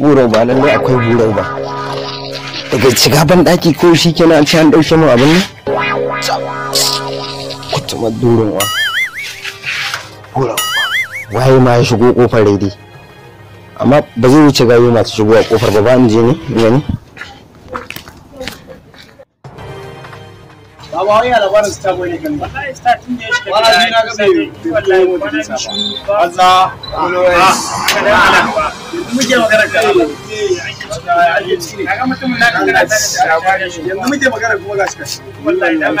burau ba lallai akwai burau ba daga shiga ban daki ko shi kenan an ce an dauke mu abin nan kuma durin wa burau waye ma ya shigo kofar daidai amma ba zai wuce ma ta shigo a kofar ba ba ni je ne ne a ba wai labarin ba ba ala ba kuma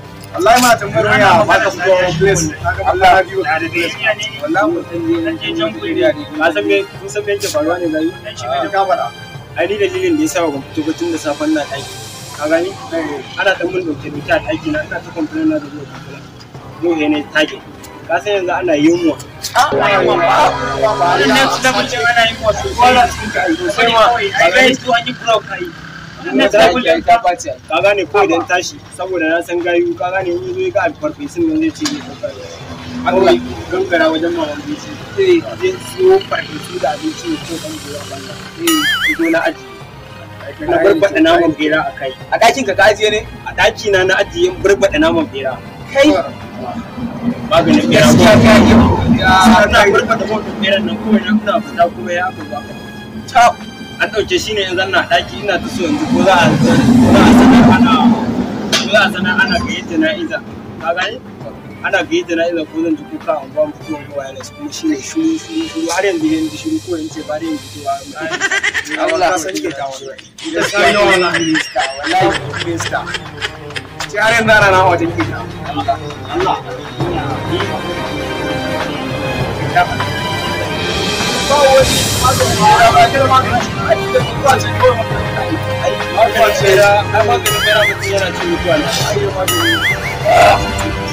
ba ma tambayar waya ba ta fito wani place Allah ya biyo ka da place wallahi mutum ne je can kuriya ne ka san me kun san me yake faruwa ne gayu dan shi bai ai ni yasa ba ku fito tun da safen na daki ka gani eh, ana ta mun dauke dauke a ɗaki na ta kwamfani na da zuwa kwamfani mu tage ka san yanzu ana yunwa ana yunwa ba ina ana yi sai ma ba ga yi tuwa ni bro ka ka gane ko idan tashi saboda na san gayu ka gane wani a'a, ga alfarfe sun nan zai ce ne ko kai akwai gangara wajen mawan bici eh. zai siyo farfesu da abinci ko kan zuwa banda zai eh, zo na ajiye na barbaɗa naman bera a kai a ɗakin ka ajiye ne a ɗaki na na ajiye barbaɗa naman bera kai maganin bera ko ka yi na barbaɗa naman bera nan kawai na kuna fita kuma ya abu ba ta an ɗauke shi ne yanzu na ɗaki ina ta so yanzu ko za a sanar ana ko za a sanar ana gayyata na iza ka gani ana ga yadda na'ila ko zan ji kuka a unguwa mutu wani wireless kuma shi ne shuru shuru shuru har yanzu yanzu shuru ko ba da yin cewa yanzu ana na wajen ke ta Allah Allah ba wani ba shi a cikin kuka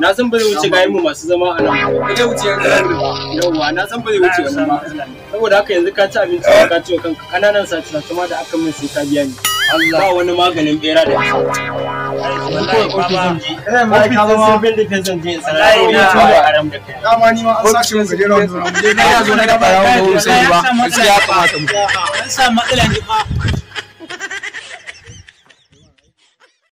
na san ba zai wuce gayen mu masu zama a nan ba wuce yawwa na san ba zai wuce wannan ba saboda haka yanzu ka ci abinci ka ci kanka kananan sace da aka min sai ka biya ni ba wani maganin bera da isa An sa matsala ne ba